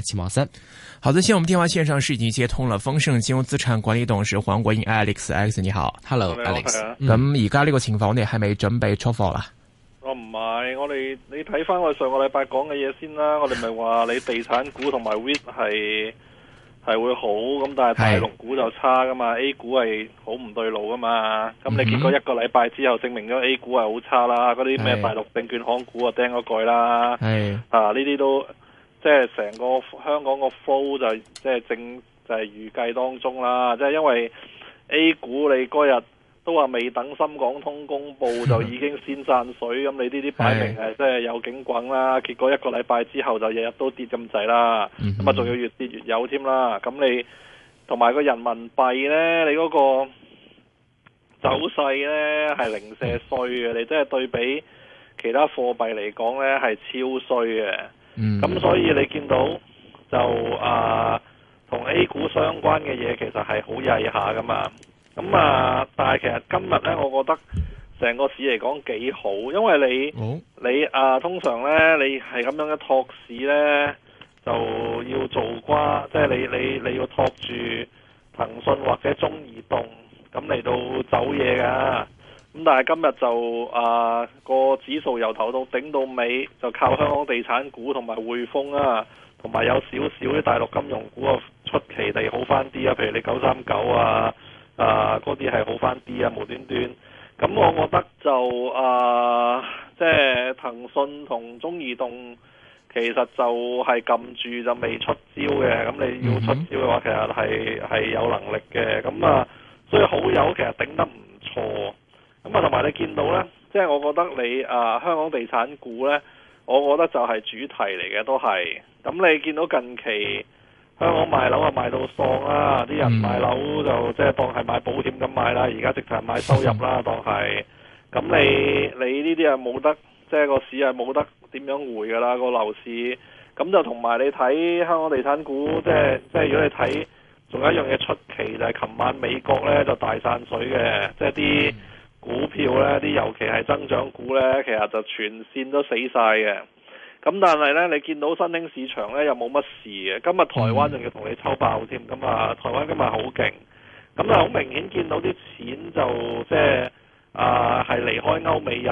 七毛三，好的，現在我們電話線上是已經接通了。豐盛金融資產管理董事黃國英 Alex，Alex 你好，Hello 你好 Alex。咁而家呢個情況，你係咪準備出貨啦、哦？我唔係，我哋你睇翻我哋上個禮拜講嘅嘢先啦。我哋咪話你地產股同埋 REIT 係係會好，咁但係大陸股就差噶嘛是，A 股係好唔對路噶嘛。咁你結果一個禮拜之後，證明咗 A 股係好差啦，嗰啲咩大陸證券行股是啊，釘咗蓋啦，係啊呢啲都。即係成個香港個 flow 就即係正就係預計當中啦。即係因為 A 股你嗰日都話未等深港通公布就已經先賺水，咁、嗯、你呢啲擺明係即係有景轟啦。的結果一個禮拜之後就日日都跌咁滯啦。咁啊、嗯哼，仲要越跌越有添啦。咁你同埋個人民幣呢，你嗰個走勢呢，係零舍衰嘅。你即係對比其他貨幣嚟講呢，係超衰嘅。咁、嗯、所以你見到就啊，同 A 股相關嘅嘢其實係好曳下㗎嘛。咁啊，但係其實今日呢，我覺得成個市嚟講幾好，因為你、哦、你啊，通常呢，你係咁樣嘅托市呢，就要做瓜，即、就、係、是、你你你要托住騰訊或者中移動咁嚟到走嘢㗎。咁但係今日就啊，個指數由頭到頂到尾就靠香港地產股同埋匯豐啊，同埋有少少啲大陸金融股啊出奇地好翻啲啊，譬如你九三九啊，啊嗰啲係好翻啲啊，無端端。咁我覺得就啊，即係騰訊同中移動其實就係撳住就未出招嘅。咁你要出招嘅話，其實係係有能力嘅。咁啊，所以好友其實頂得唔錯。咁啊，同埋你見到呢，即係我覺得你啊，香港地產股呢，我覺得就係主題嚟嘅，都係。咁你見到近期香港賣樓啊賣到喪啦，啲人買樓就即係當係買保險咁買啦，而家直頭買收入啦，當係。咁你你呢啲啊冇得，即係個市啊冇得點樣回噶啦個樓市。咁就同埋你睇香港地產股，即係即係如果你睇，仲有一樣嘢出奇就係琴晚美國呢，就大散水嘅，即係啲。股票呢啲尤其係增長股呢，其實就全線都死晒嘅。咁但係呢，你見到新興市場呢，又冇乜事嘅。今日台灣仲要同你抽爆添，咁啊，台灣今日好勁。咁啊，好明顯見到啲錢就即係啊，係、呃、離開歐美日。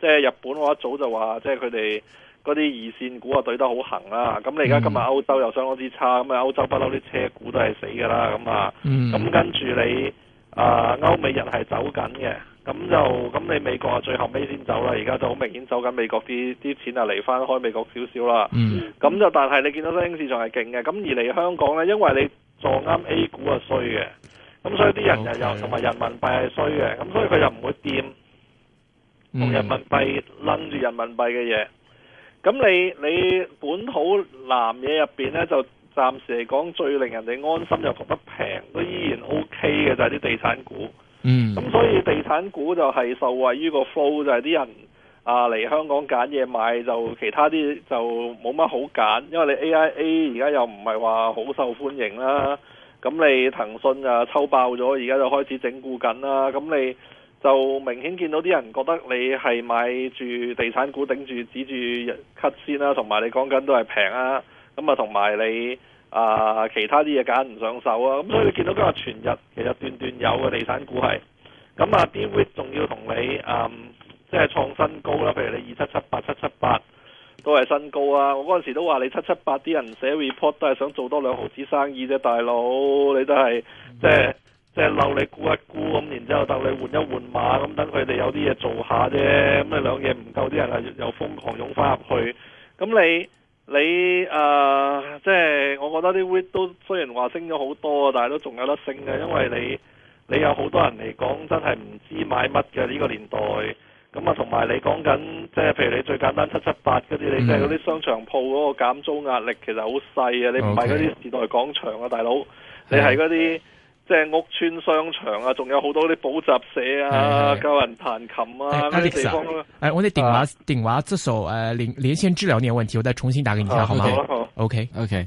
即係日本，我一早就話，即係佢哋嗰啲二線股啊，對得好行啦。咁你而家今日歐洲又相當之差，咁啊，歐洲不嬲啲車股都係死㗎啦。咁啊，咁跟住你。啊，歐美人係走緊嘅，咁就咁你美國啊，最後尾先走啦，而家就好明顯走緊美國啲啲錢啊離翻開美國少少啦。嗯、mm.，咁就但係你見到新興市場係勁嘅，咁而嚟香港呢，因為你撞啱 A 股係衰嘅，咁所以啲人又又同埋人民幣係衰嘅，咁所以佢就唔會掂同人民幣掄住、mm. 人民幣嘅嘢。咁你你本土南嘢入邊呢，就暫時嚟講最令人哋安心又覺得平，都依然 O。黒嘅就係啲地產股，咁、嗯、所以地產股就係受惠於個 flow 就係啲人啊嚟香港揀嘢買，就其他啲就冇乜好揀，因為你 AIA 而家又唔係話好受歡迎啦，咁你騰訊啊抽爆咗，而家就開始整固緊啦，咁你就明顯見到啲人覺得你係買住地產股頂住指住 cut 先啦，同埋你講緊都係平啊，咁啊同埋你。啊！其他啲嘢揀唔上手啊，咁所以你見到今日全日其實段段有嘅地產股係，咁啊啲會仲要同你嗯即係、就是、創新高啦，譬如你二七七八七七八都係新高啊！我嗰陣時都話你七七八啲人寫 report 都係想做多兩毫子生意啫，大佬你都係即係即係漏你沽一沽。咁、就是就是，然之後等你換一換碼，咁等佢哋有啲嘢做下啫，咁你兩嘢唔夠啲人啊又瘋狂湧翻入去，咁你。你誒、呃，即係我覺得啲 REIT 都雖然話升咗好多啊，但係都仲有得升嘅，因為你你有好多人嚟講真係唔知買乜嘅呢個年代。咁、嗯、啊，同埋、嗯、你講緊即係譬如你最簡單七七八嗰啲，你係嗰啲商場鋪嗰個減租壓力其實好細啊，你唔係嗰啲時代廣場啊，大佬，你係嗰啲。即係屋村商場啊，仲有好多啲補習社啊，教人彈琴啊，嗰啲是地方咯。誒，我哋電話電話質素誒，連、啊、連線質量有啲問題，我再重新打畀你一下，啊、好嗎好好？OK OK。Okay.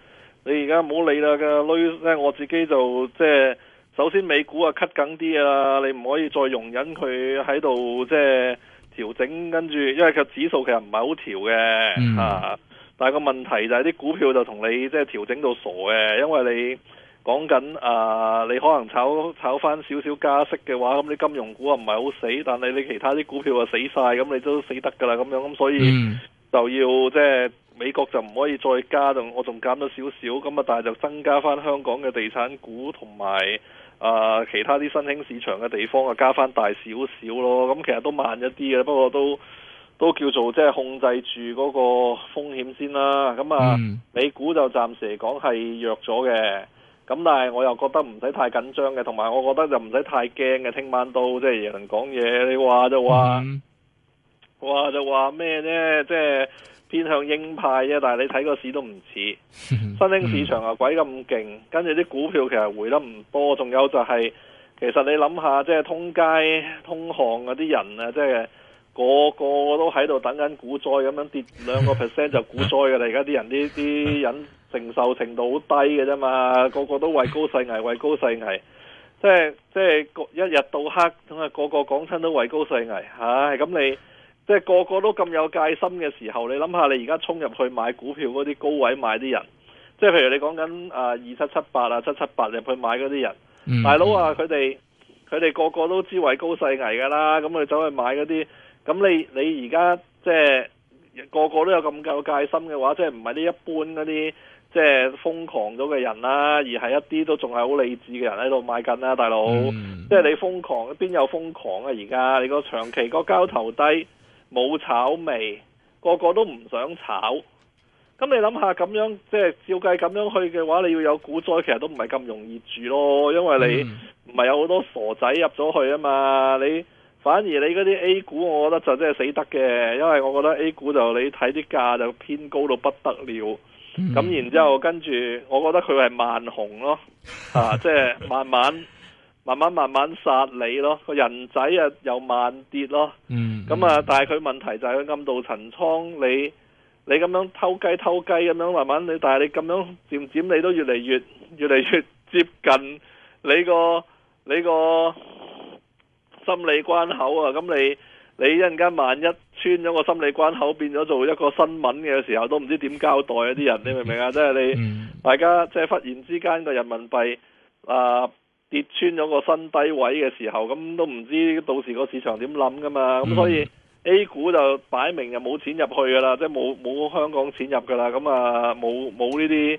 你而家唔好理啦，個女我自己就即係首先美股啊，cut 緊啲啊，你唔可以再容忍佢喺度即係調整，跟住因為佢指數其實唔係好調嘅，但係個問題就係、是、啲股票就同你即係調整到傻嘅，因為你講緊啊，你可能炒炒翻少少加息嘅話，咁啲金融股啊唔係好死，但係你其他啲股票啊死晒，咁你都死得噶啦咁樣，咁所以。嗯就要即係、就是，美國就唔可以再加，我仲減咗少少，咁啊但係就增加翻香港嘅地產股同埋啊其他啲新興市場嘅地方啊加翻大少少咯，咁其實都慢一啲嘅，不過都都叫做即係、就是、控制住嗰個風險先啦。咁啊，嗯、美股就暫時嚟講係弱咗嘅，咁但係我又覺得唔使太緊張嘅，同埋我覺得就唔使太驚嘅。聽晚都即係、就是、人講嘢，你話就話。嗯哇！就話咩呢？即係偏向鷹派啊！但係你睇個市都唔似，新興市場啊鬼咁勁。跟住啲股票其實回得唔多。仲有就係、是，其實你諗下，即係通街通巷嗰啲人啊，即係個個都喺度等緊股災，咁樣跌兩個 percent 就股災㗎啦。而家啲人啲啲人承受程度好低嘅啫嘛，個個都畏高勢危，畏高勢危。即係即係一日到黑，咁啊個個講親都畏高勢危嚇。咁、哎、你？即係個個都咁有戒心嘅時候，你諗下，你而家衝入去買股票嗰啲高位買啲人，即係譬如你講緊啊二七七八啊七七八入去買嗰啲人，嗯、大佬啊，佢哋佢哋個個都知位高勢危噶啦，咁你走去買嗰啲，咁你你而家即係個個都有咁夠戒心嘅話，即係唔係呢一般嗰啲即係瘋狂咗嘅人啦，而係一啲都仲係好理智嘅人喺度買緊啦，大佬，嗯、即係你瘋狂邊有瘋狂啊而家，你個長期、嗯、個交投低。冇炒味，個個都唔想炒。咁你諗下咁樣，即係照計咁樣去嘅話，你要有股災，其實都唔係咁容易住咯。因為你唔係有好多傻仔入咗去啊嘛。你反而你嗰啲 A 股，我覺得就真係死得嘅。因為我覺得 A 股就你睇啲價就偏高到不得了。咁、嗯、然之後跟住，我覺得佢係慢熊咯， 啊，即係慢慢。慢慢慢慢殺你咯，個人仔啊又慢跌咯，咁啊、嗯，嗯、但係佢問題就係佢暗度陳倉，你你咁樣偷雞偷雞咁樣慢慢你，但係你咁樣漸漸你都越嚟越越嚟越接近你個你個心理關口啊！咁你你一陣間萬一穿咗個心理關口，變咗做一個新聞嘅時候，都唔知點交代一啲人，嗯、你明唔明啊？即係、嗯、你大家即係、即係、忽然之間個人民幣啊～、呃跌穿咗個新低位嘅時候，咁都唔知到時個市場點諗噶嘛，咁所以 A 股就擺明就冇錢入去噶啦，即係冇冇香港錢入噶啦，咁啊冇冇呢啲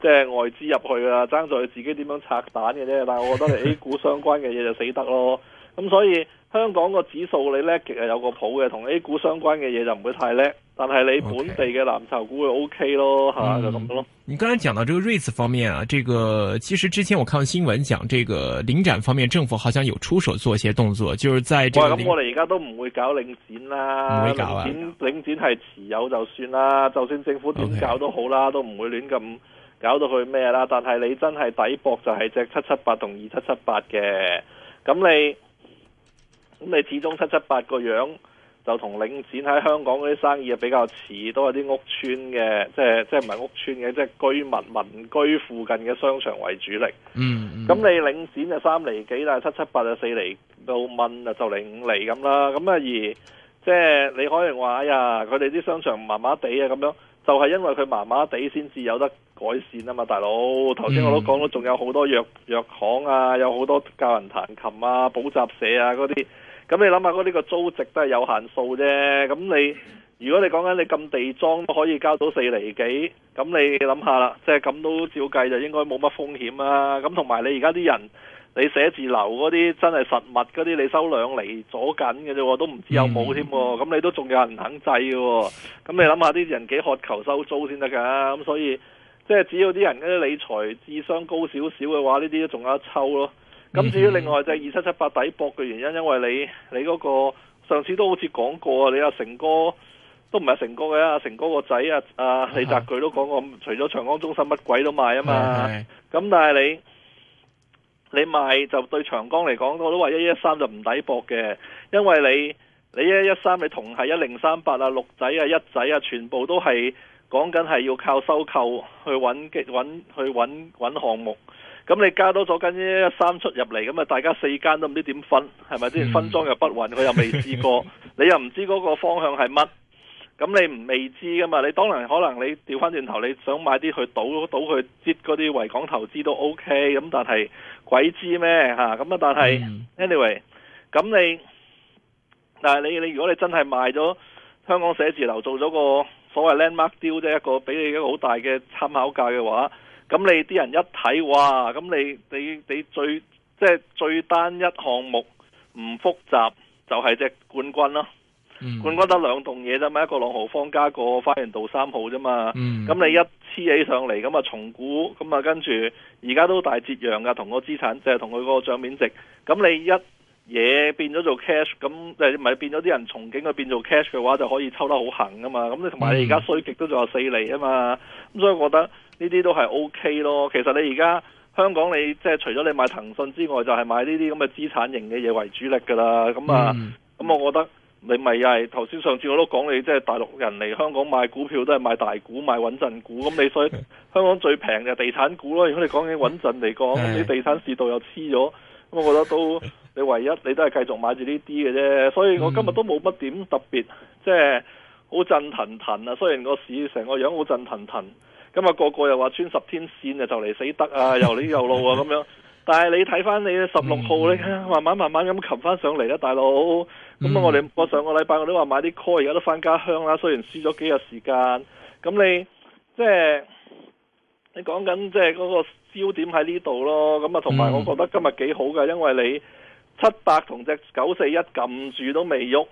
即係外資入去噶啦，爭在自己點樣拆彈嘅啫，但係我覺得你 A 股相關嘅嘢就死得咯，咁 所以香港個指數你叻極係有個譜嘅，同 A 股相關嘅嘢就唔會太叻。但係你本地嘅藍籌股就 O K 咯吓，就咁咯。Okay，啊、你剛才講到這個 REITs 方面啊，這個其實之前我看新聞講，這個領展方面政府好像有出手做一些動作，就是在這個那我哋而家都唔會搞領展啦，不會搞啊、領展領展係持有就算啦，就算政府點搞都好啦，okay，都唔會亂咁搞到佢咩啦。但係你真係抵博，就係隻七七八同二七七八嘅，咁你咁你始終七七八個樣。就同領展喺香港嗰啲生意啊，比較似，都係啲屋邨嘅，即係即係唔係屋邨嘅，即係居民民居附近嘅商場為主力。嗯，咁、嗯、你領展就三厘幾，但係七七八就四厘，到蚊啊，就零五厘咁啦。咁啊而，即係你可能話、哎、呀，佢哋啲商場麻麻地啊，咁樣就係、是、因為佢麻麻地先至有得改善啊嘛，大佬。頭先我都講到，仲有好多藥藥行啊，有好多教人彈琴啊、補習社啊嗰啲。那些咁你諗下嗰呢個租值都係有限數啫。咁你如果你講緊你咁地裝都可以交到四厘幾，咁你諗下啦，即係咁都照計就應該冇乜風險啦。咁同埋你而家啲人，你寫字樓嗰啲真係實物嗰啲，你收兩厘阻緊嘅啫，都唔知有冇添喎。咁、mm hmm. 你都仲有人肯制嘅喎。咁你諗下啲人幾渴求收租先得噶。咁所以即係只要啲人嗰啲理財智商高少少嘅話，呢啲都仲有得抽咯。咁至於另外就係二七七八抵博嘅原因，因為你你嗰個上次都好似講過啊，你阿成哥都唔係成哥嘅阿成哥個仔啊，阿李澤钜都講過，除咗長江中心乜鬼都賣啊嘛，咁是但係你你賣就對長江嚟講，我都話一一三就唔抵博嘅，因為你你一一三你同係一零三八啊六仔啊一仔啊，全部都係講緊係要靠收購去搵嘅搵去搵項目。咁你加多咗間一三出入嚟，咁啊大家四間都唔知點分，係咪先分裝又不穩，佢又未試過， 你又唔知嗰個方向係乜，咁你唔未知噶嘛？你當然可能你調翻轉頭，你想買啲去賭賭去接嗰啲維港投資都 OK，咁但係鬼知咩吓？咁啊但係 anyway，咁你但係你你如果你真係賣咗香港寫字樓，做咗個所謂 landmark deal，即係一個俾你一個好大嘅參考價嘅話。咁你啲人一睇哇，咁你你你最即係最單一項目唔複雜，就係、是、隻冠軍啦、啊。嗯、冠軍得兩棟嘢啫嘛，一個朗豪坊加個花園道三號啫嘛。咁、嗯、你一黐起來上嚟，咁啊重估，咁啊跟住而家都大折讓噶，同個資產即係、就是、同佢個賬面值。咁你一嘢變咗做 cash，咁誒唔係變咗啲人憧憬佢變做 cash 嘅話，就可以抽得好行噶嘛。咁你同埋你而家衰極都仲有四厘啊嘛。咁、嗯、所以我覺得。呢啲都係 OK 咯。其實你而家香港你即係除咗你買騰訊之外，就係買呢啲咁嘅資產型嘅嘢為主力噶啦。咁啊，咁我覺得你咪又係頭先上次我都講你，即係大陸人嚟香港買股票都係買大股、買穩陣股。咁你所以香港最平就係地產股咯。如果你講起穩陣嚟講，你地產市道又黐咗，咁我覺得都你唯一你都係繼續買住呢啲嘅啫。所以我今日都冇乜點特別，即係好震騰騰啊。雖然個市成個樣好震騰騰。咁啊，個個又話穿十天綫啊，就嚟死得啊，又呢又路啊，咁樣。但係你睇翻你十六號咧，嗯、你慢慢慢慢咁擒翻上嚟啦，大佬。咁啊、嗯，我哋我上個禮拜我都話買啲 call，而家都翻家鄉啦。雖然輸咗幾日時間，咁你即係、就是、你講緊即係嗰個焦點喺呢度咯。咁啊，同埋我覺得今日幾好噶，嗯、因為你七百同隻九四一撳住都未喐，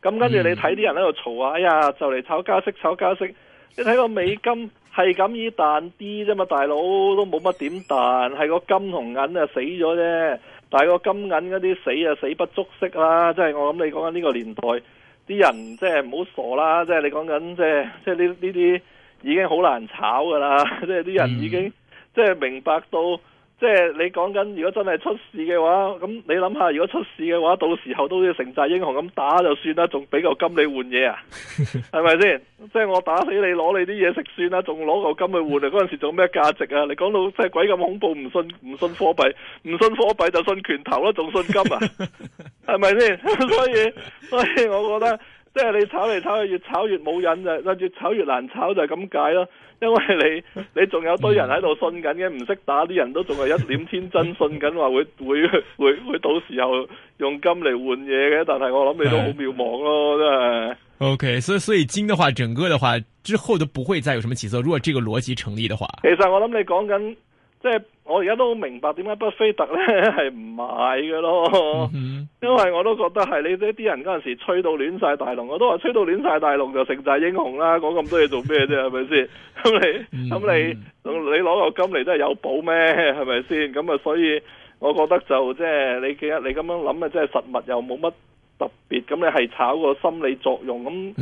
咁跟住你睇啲人喺度嘈啊，嗯、哎呀，就嚟炒加息，炒加息。你睇個美金。係咁以彈啲啫嘛，大佬都冇乜點彈，係個金同銀啊死咗啫，但係個金銀嗰啲死啊死不足惜啦，即係我諗你講緊呢個年代啲人即係唔好傻啦，即係你講緊即係即係呢呢啲已經好難炒噶啦，即係啲人已經即係明白到。嗯即係你講緊，如果真係出事嘅話，咁你諗下，如果出事嘅話，到時候都要成寨英雄咁打就算啦，仲俾個金你換嘢啊？係咪先？即係我打死你攞你啲嘢食算啦，仲攞個金去換啊？嗰陣時做咩價值啊？你講到即係鬼咁恐怖，唔信唔信貨幣，唔信貨幣就信拳頭咯仲信金啊？係咪先？所以所以，我覺得即係你炒嚟炒去，越炒越冇癮咋，越炒越難炒就係咁解咯。因為你你仲有堆人喺度信緊嘅，唔識打啲人都仲係一臉天真信緊，話會會會會到時候用金嚟換嘢嘅，但係我諗你都好渺茫咯，真係。OK，所以所以金嘅話，整個嘅話之後都不會再有什麼起色。如果這個邏輯成立的話，其實我諗你講緊即係。我而家都好明白點解巴菲特咧，係唔買嘅咯，因為我都覺得係你呢啲人嗰陣時吹到亂晒大龍，我都話吹到亂晒大龍就成晒英雄啦，講咁多嘢做咩啫？係咪先？咁你咁你你攞個金嚟都係有寶咩？係咪先？咁啊，所以我覺得就即係你記得你咁樣諗啊，即係實物又冇乜特別，咁你係炒個心理作用咁。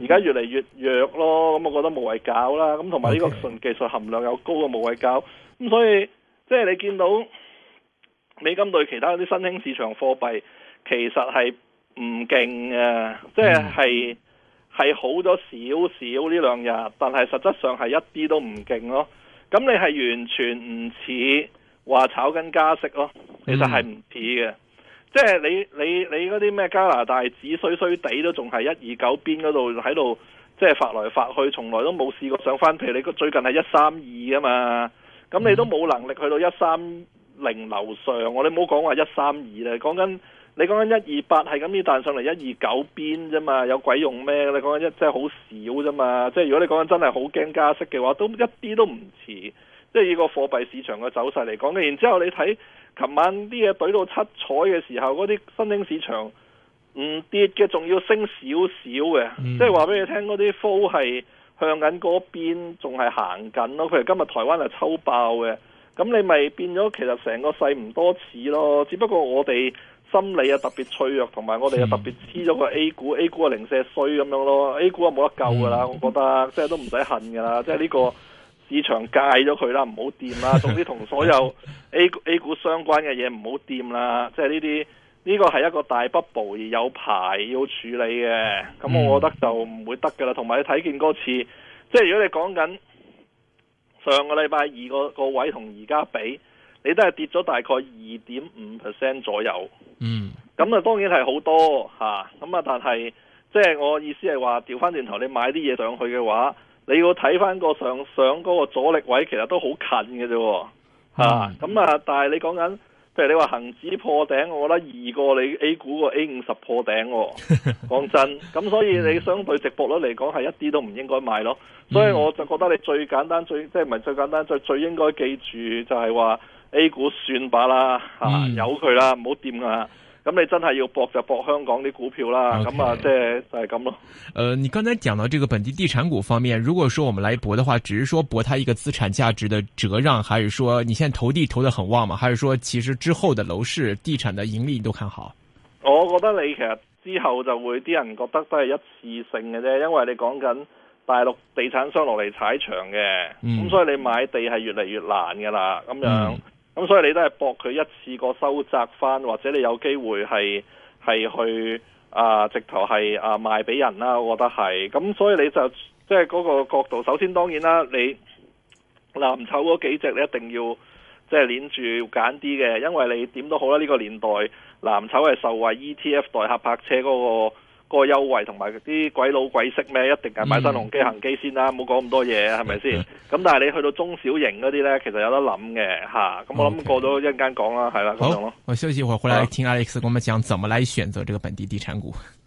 而家越嚟越弱咯，咁我覺得無謂搞啦。咁同埋呢個純技術含量又高嘅無謂搞，咁所以。即係你見到美金對其他啲新興市場貨幣，其實係唔勁嘅，嗯、即係係好咗少少呢兩日，但係實質上係一啲都唔勁咯。咁你係完全唔似話炒緊加息咯，其實係唔似嘅。嗯、即係你你你嗰啲咩加拿大紙衰衰地都仲係一二九邊嗰度喺度，即係發來發去，從來都冇試過上返。譬如你最近係一三二啊嘛。咁、嗯、你都冇能力去到一三零樓上，我你唔好講話一三二咧，講緊你講緊一二八係咁樣彈上嚟一二九邊啫嘛，有鬼用咩？你講緊一真係好少啫嘛，即係如果你講緊真係好驚加息嘅話，都一啲都唔遲。即係呢個貨幣市場嘅走勢嚟講嘅。然之後你睇琴晚啲嘢懟到七彩嘅時候，嗰啲新興市場唔跌嘅，仲要升少少嘅，嗯、即係話俾你聽嗰啲 f 係向緊嗰邊，仲係行緊咯。譬如今日台灣係抽爆嘅，咁你咪變咗其實成個世唔多似咯。只不過我哋心理啊特別脆弱，同埋我哋又特別黐咗個 A 股、嗯、A 股啊零舍衰咁樣咯。A 股啊冇得救噶啦，嗯、我覺得即係都唔使恨噶啦，即係呢個市場戒咗佢啦，唔好掂啦，總之同所有 A 股 A 股相關嘅嘢唔好掂啦，即係呢啲。呢個係一個大 bubble 而有排要處理嘅，咁我覺得就唔會得噶啦。同埋、嗯、你睇見嗰次，即係如果你講緊上個禮拜二個，個位同而家比，你都係跌咗大概二點五 percent 左右。嗯，咁啊當然係好多嚇，咁啊但係即係我意思係話調翻轉頭，你買啲嘢上去嘅話，你要睇翻個上上嗰個阻力位，其實都好近嘅啫。嚇、啊，咁啊，但係你講緊。譬如你話恒指破頂，我覺得二過你 A 股個 A 五十破頂喎。哦，講真，咁所以你相對值博率嚟講係一啲都唔應該買咯，所以我就覺得你最簡單最即係唔係最簡單最最應該記住就係話 A 股算罷啦，吓由佢啦，唔好掂啦。咁你真係要博就博香港啲股票啦，咁啊即係就係咁咯。呃，你剛才講到這個本地地產股方面，如果說我們來博的話，只是說博它一個資產價值的折讓，還是說你現在投地投得很旺嘛？還是說其實之後的樓市地產的盈利你都看好？我覺得你其實之後就會啲人覺得都係一次性嘅啫，因為你講緊大陸地產商落嚟踩場嘅，咁、嗯、所以你買地係越嚟越難噶啦，咁樣。嗯咁所以你都係搏佢一次過收窄翻，或者你有機會係、係去啊、呃，直頭係啊賣俾人啦，我覺得係。咁所以你就即係嗰個角度，首先當然啦，你藍籌嗰幾隻你一定要即係諗住揀啲嘅，因為你點都好啦，呢、這個年代藍籌係受惠 ETF 代客泊車嗰、那個。個優惠同埋啲鬼佬鬼識咩？一定係買新鴻基恆基先啦，唔好講咁多嘢，係咪先？咁但係你去到中小型嗰啲咧，其實有得諗嘅吓。咁、啊、我諗過咗一陣間講啦，係 Okay. 啦，咁好樣咯。我休息一會，回來聽 Alex 跟我們講，怎麼來選擇這個本地地產股。